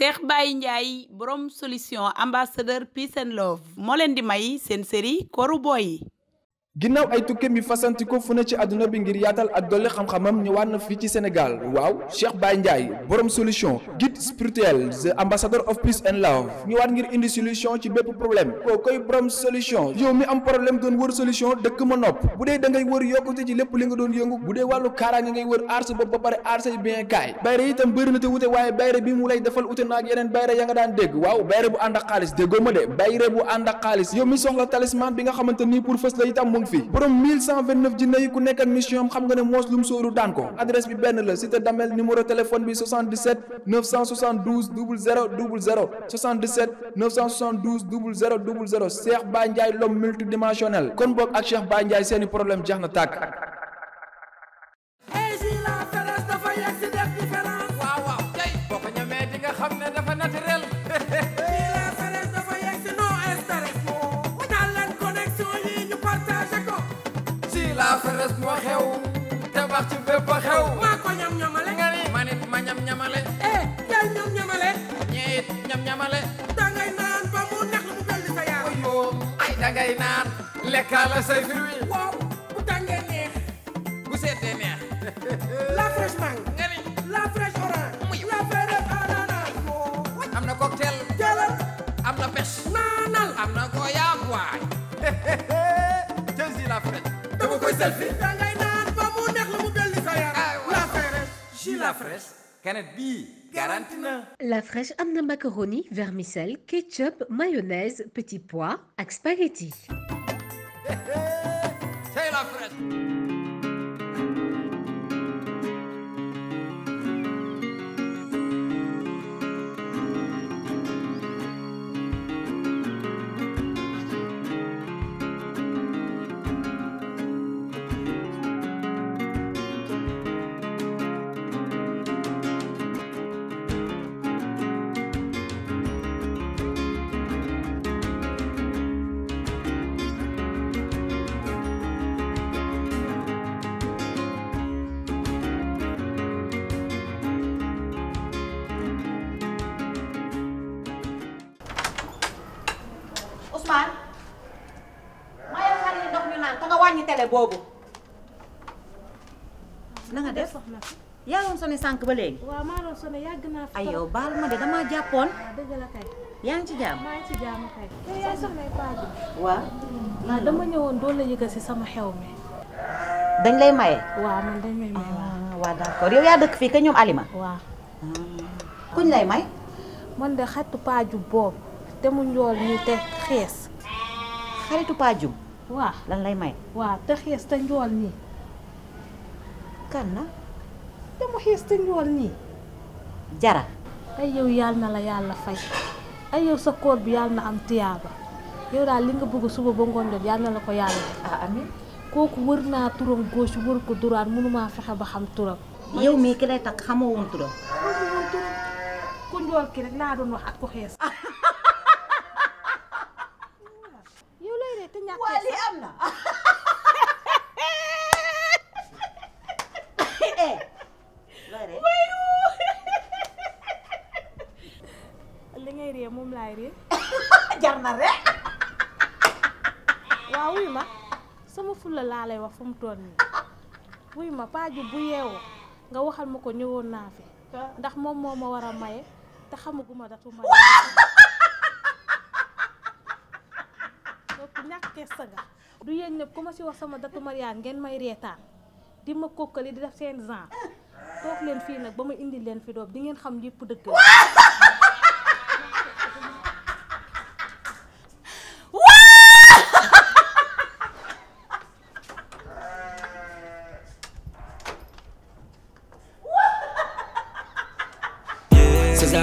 Cheikh bàyyi Ndiaye borom solution ambassadeur peace and love moo leen di may seen série Kooru Boy yi ginnaaw ay tukkeem yi fasanti ko fu ne ci àdduna bi ngir yaatal ak dolli xam-xamam ñëwaat na fii ci Sénégal waaw Cheikh Baye Ndiaye borom solution guide spirituel the ambassador of peace and love ñëwaat ngir indi solution ci bépp problème koo koy borom solution yow mi am problème doon wër solution dëkk ma nopp bu dee da ngay wër yokkute ci lépp li nga doon yëngu bu dee wàllu kaaraange ngay wër aar sa bopp ba pare aar say bien bayre itam bëri mu ngi fi borom 1129 jinne yi ku nekk ak mission am xam nga ne moos lu mu sóoru daan ko adresse bi benn la cité Damel numéro téléphone bi 77 972 00 00 77 972 00 00 Cheikh Ba Ndiaye l'homme multidimensionnel kon boog ak Cheikh Ba Ndiaye seeni problème jeex na tàkk baax maa ko ñam ñamale. nga ma ñam ñamale. eh ñam ñamale. ñii ñam ñamale. dangay naan ba mu neex lu mu dolli sa yaram. ay dangay naan lekkala say la fraîche can it be garanti am na macaroni vermicelle ketchup mayonnaise petit pois ak spaghetti. c'est la fraîche. Ousmane ma yaakaar ni ndox mi naan te nga wàññi télé boobu. na def yaa doon sonné sànq ba léegi. waaw maa doon sonné yàgg naa fi. ay yow ma de damaa jàppoon. waaw ah, dëgg yaa ngi ci jàmm maa ngi ah, dama ñëwoon doo la yëgal si sama xew mi. dañ lay maye. waaw man dañ may maye waaw. Ah, waaw d'accord yow yaa dëkk fii ka ñoom Alima. waaw. kuñ lay may. man de xatu paaju boobu te mu njool ñu te xees. xaritu paajum waa lan lay may waaw te xees te njool nii kan na te mu xees te njool nii jara ay yow yàlla na la yàlla fay ay yow sa koor bi yàlla na am tiyaaba yow daal li nga bëgg suba ba ngoon jot yàlla na la ko yàlla ah amiin kooku wër naa turam gauche wër ko droite mënumaa fexe ba xam turam yow mii ki lay takk xamoo woon turam ku njool ki rek laa doon wax ak ku xees li ngay ree moom laay ree jar na rek waaw wuy ma sama fulla laa lay wax fu mu toll nii wuy ma paaju bu yeewoo nga waxal ma ko ñëwoon naa fi ndax moom moo ma war a maye te xamaguma datu maye du yéen ñëpp ku ma sama datu mariage ngeen may reetaan di ma kokkali di def seen genre toog leen fii nag ba ma indi leen fi doom di ngeen xam yépp dëgg la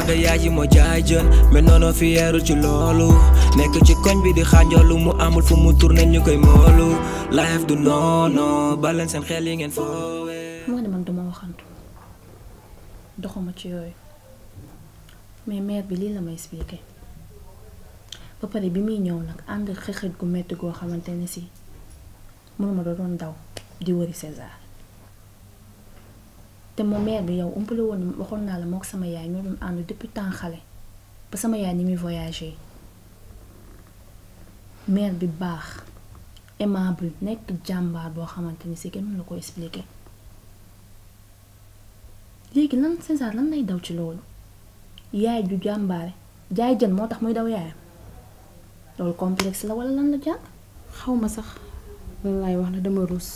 saaga moo jaay jën mais noonu ci loolu bi di xànjoolu mu amul koy moolu life du noonu baleen ngeen foowee duma waxantu doxuma ci yooyu mais mère bi lii la ma expliqué ba pare bi muy ñëw nag ànd xëxët gu metti goo xamante ni si mënuma doon daw di wëri César te moom mère bi yow umpale woon waxoon naa la mook sama yaay ñoo doon ànd depuis temps xale ba sama yaay ni muy voyagé mère bi baax aimable nekk jàmbaar boo xamante ni si kenn mënu la ko expliquer léegi lan César lan lay daw ci loolu yaay ju jàmbaare jaay jën moo tax muy daw yaayam loolu complexe la walla lan la jàng xaw ma sax lan laay wax na dama ruus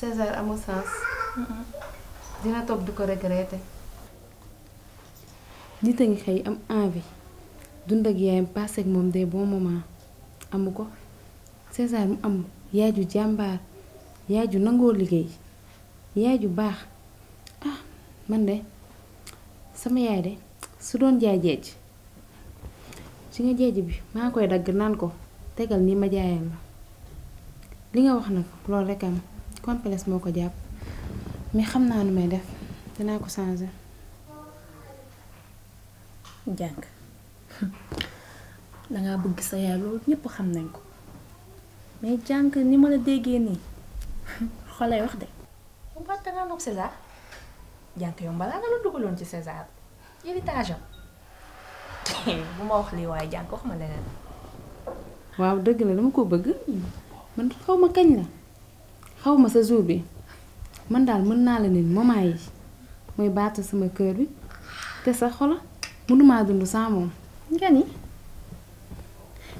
César amul sens. dina toog di ko regretter. nit a ngi xëy am envie dund ak yaayam passé ak moom des bons moments amu ko César mu am yaay ju jàmbaar yaay ju nangoo liggéey yaay ju baax ah man de sama yaay de su doon jaay jeej si nga jeej bi maa koy dagg naan ko tegal ni ma jaayal la li nga wax nag loolu rekk am complexe moo ko jàpp mais xam naa nu may def dinaa ko changer. jàng dangaa bëgg sa yaay loolu ñëpp xam nañ ko mais jàng ni ma la déggee nii xolay wax de. bu baax dangaa noog César jàng yow balaa nga la dugaloon ci César héritage am bu ma wax lii waaye jàng wax ma leneen. waaw dëgg la dama ko bëgg man xaw ma kañ la. xaw ma sa jour bi man daal mën naa la ne moment yi mooy baata sama kër bi te sa xola mënumaa dund sans moom nga ni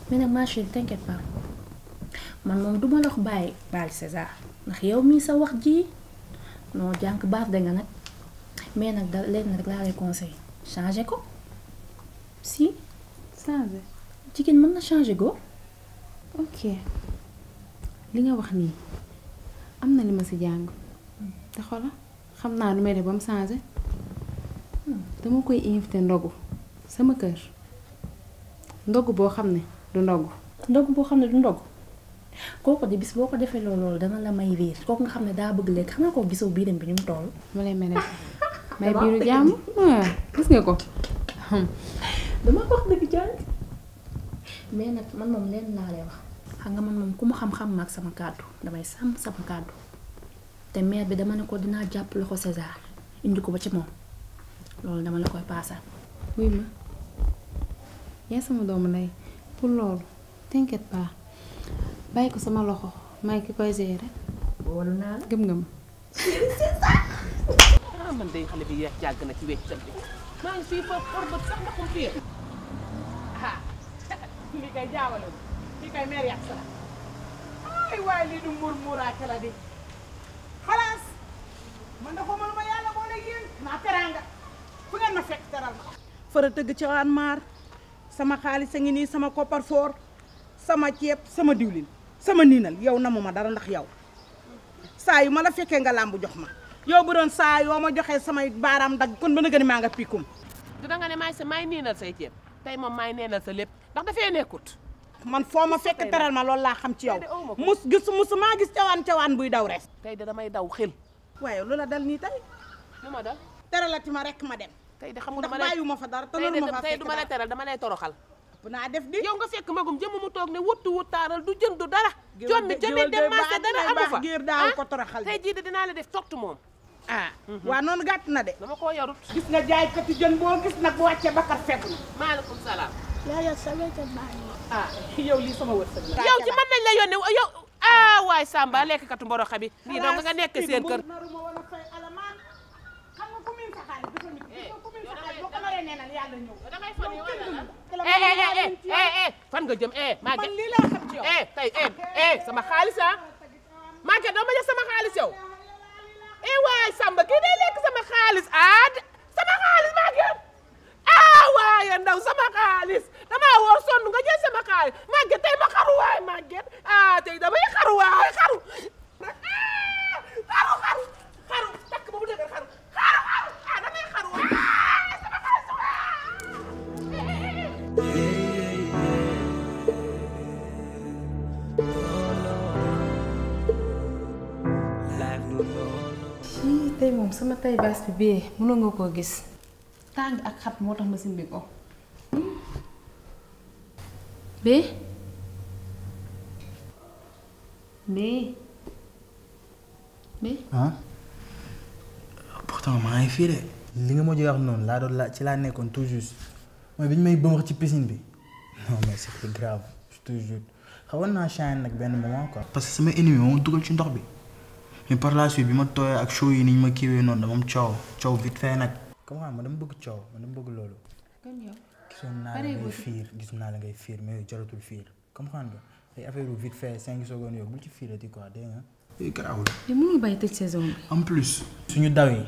mais nag ma chérie t'inquiète pas man moom ndax yow mii sa wax ji noo jànq baaf da nga nag mais nag da leen laa lay conseil changé ko si changé jigéen mën na changé go ok li nga wax nii am na li ma si jàng te xola xam naa nu may def ba mu dama koy invité ndogu sama kër ndogu boo xam ne du ndogu ndogu boo xam ne du ndogu kooku de bis boo ko defee loolu dana la may riir kooku nga xam ne daa bëgg lekk xam nga ko gisoo biiram bi ñu mu ma lay mel may biiru jàmm ah, gis nga ko dama wax dëgg jàng mais nag man moom leen naa lay wax xam nga man moom ku mu xam-xam maag sama kàddu damay sàmm sama kàddu te maire bi dama ne ko dinaa jàpp loxo César indi ko ba ci moom loolu dama la koy paasal. wuy ma yaa sama doomu ndey pour loolu t'inquiète pas bàyyi ko sama loxo may ki koy gérer. wóolu naa la gëm-gëm. ah man de xale bi yeex jàgg na ci wéccam bi kii kay meer yàq sa waaye lii du mur muraake la di xalaas man dafa mënuma yàlla boole yéen naa teraanga fu ngeen ma fekk teral ma fara tëgg ci waan maar sama xaalis a ngi nii sama koppar sama ceeb sama diwlin sama niinal yow ma dara ndax yow saa yu ma la fekkee nga làmb jox ma yow bu doon saa yoo ma joxee samay baaraam dagg kon ba na gën maa nga pikkum du da ne maay sa maay niinal say ceeb tey moom maay neenal sa lépp ndax dafee nekkut man foo ma fekk teral ma loolu laa xam ci yow mus gis musumaa gis cawaan cawaan buy daw res tey damay daw xel waaye lu la dal nii tey lu ma dal teralati ma rek ma dem tey de xam nga dama lay bàyyu ma fa dara te loolu ma fa du ma lay teral dama lay toroxal bu naa def di yow nga fekk magum jëmm mu toog ne wuttu wuttaaral du jënd du dara jommi jëmee dem marché dara amu fa géer daaw ah, ko toroxal tey jii de dinaa la def togtu moom ah mhm. waa noonu gàtt na de dama koo yarut gis nga jaay kati jën boo gis nag bu wàccee bakkat fegu na maaleykum salaam ah yow lii sama wërsëg la. yow ci mën nañ la yónnee eh, eh, eh, yow Samba lekk katu mboro xabi nii donc nga nekk seen kër. fan nga jëm eh Maguette man sama xaalis ah Maguette ma sama xaalis yow eh waay Samba kii day lekk sama xaalis ah sama xaalis Maguette waaye ndaw sama xaalis damaa woo sonn nga jël sama xaalis màgget tey ma xaru waay màgget ah tey damay xaru waay xaru ah, xaru xaru xaru takk ba mu dëgër xaru xaru xaru ah damay xaru waay ah, sama xaalis waay tey moom sama tay baas bi bee mënoo nga koo gis tàng ak xat moo tax ma simbi ko bee bee bee pourtant maa ngi fii de li nga ma jox noonu laa doon laa ci laa nekkoon toujours juste mooy bi ñu may bëmëx ci piscine bi non mais c'est grave toujours xawoon naa chain nag benn moment quoi. parce que sama ennemi moom dugal ci ndox bi mais par la suite bi ma tooyee ak show yi ni ñu ma kiiwee noonu dama coow coow vite fait nag comme xam ma dama bëgg coow man dama bëgg loolu. kon naa la ngay fiir gis naa la ngay fiir mais jaratul fiir comme xam nga ay affaire yu vite fait cinq secondes yow bul ci fiirati quoi dégg nga. Eh, garaawul. li mënul bàyyi tëj saison bi. en plus. suñu daw yi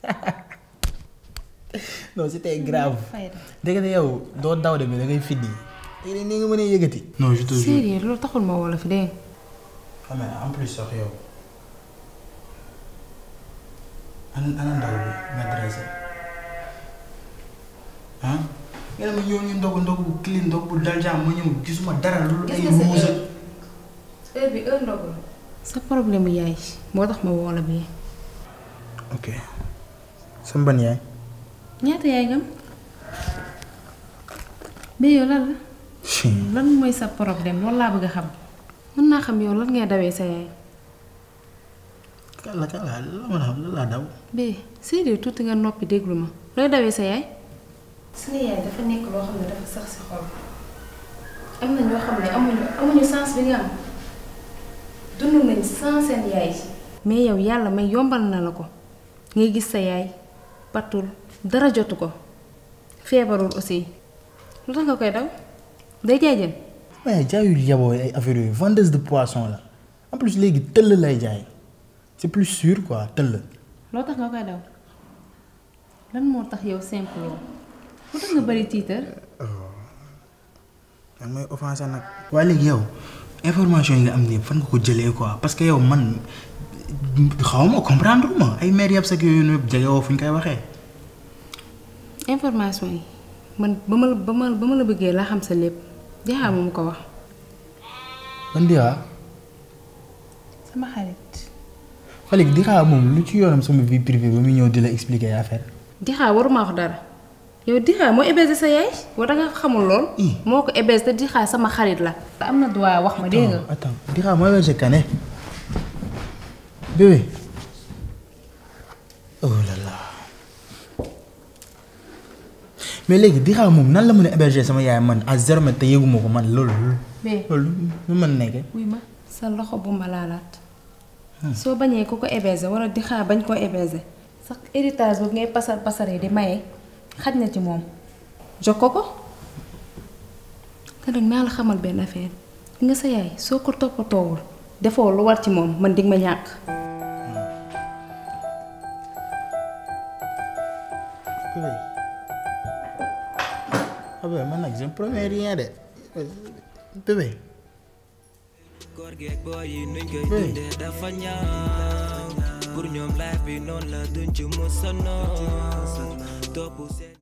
non c'était grave. dégg nga yow doo daw de bi da ngay fiddi. léegi nii nga mën a yëgati. non je te loolu taxul ma wolof dégg ah, nga. ana ana ndaw bi nga dressé ah nga bu clean ndogu bu dal jàmm ma ñëw gisuma dara loolu ay muusa heure bi heure ndogu la sa yaay moo tax ma woo la bii ok sama ban yaay ñaata yaay ngam mais yow lan la mooy sa problème loolu laa bëgg a xam mën naa xam yow lan ngay dawee sa yaay kàlla kàlla la ma xam lan laa daw. bee séeréer tuuti nga noppi déglu ma looy dawee sa yaay. suñu yaay dafa nekk loo xam ne dafa sax si xol am na ñoo xam ne amuñu sens bi nga am dund nañ seen yaay. mais yow yàlla may yombal na la ko ngay gis sa yaay patul dara jotu ko feebarul aussi lu tax nga koy daw day jaay jën. waaye jaayul yaboo ay affaire yooyu vendeuse de poisson la en plus léegi tëll lay jaay. c'est plus sûr quoi tëll. loo tax nga koy daw lan moo tax yow simple yow fu tax nga bëri tiitar. Oh. man mooy offensé nag. waaye léegi yow information yi nga am nii fan nga ko jëlee quoi parce que yow man xaw ma comprendre ma ay maire yab sax yooyu yëpp jege woo fu ñu koy waxee. information yi man ba ma la ba ma la bëggee laa xam sa lépp jaxaa moom ko wax. man Falick Dira moom lu ci yoonam sama vie privée ba muy ñëw di la expliquer affaire. Dira waruma wax dara yow Dira moo hébergé sa yaay wala nga xamul lool. moo ko hébergé te sama xarit la. am na droit wax ma dégg nga. attends Dira moo hébergé Kane bébé oh là mais léegi Dira moom nan la mën a hébergé sama yaay man à zéro mètre te yëguma ko man loolu. loolu lu mën nekk. sa loxo bu ma soo bañee ku ko héberger wala di xaar bañ koo héberger sax héritage boobu ngay pasar pasaree di maye xaj na ci moom jox ko ko te naa la xamal benn affaire bi nga sa yaay soo ko toppatoowul defoo lu war ci moom man dig ma ñàkk. koor geeg booy yi nuñ koy dundee dafa ñaaw pour ñoom life bi noonu la duñ ci musa noonu topp seen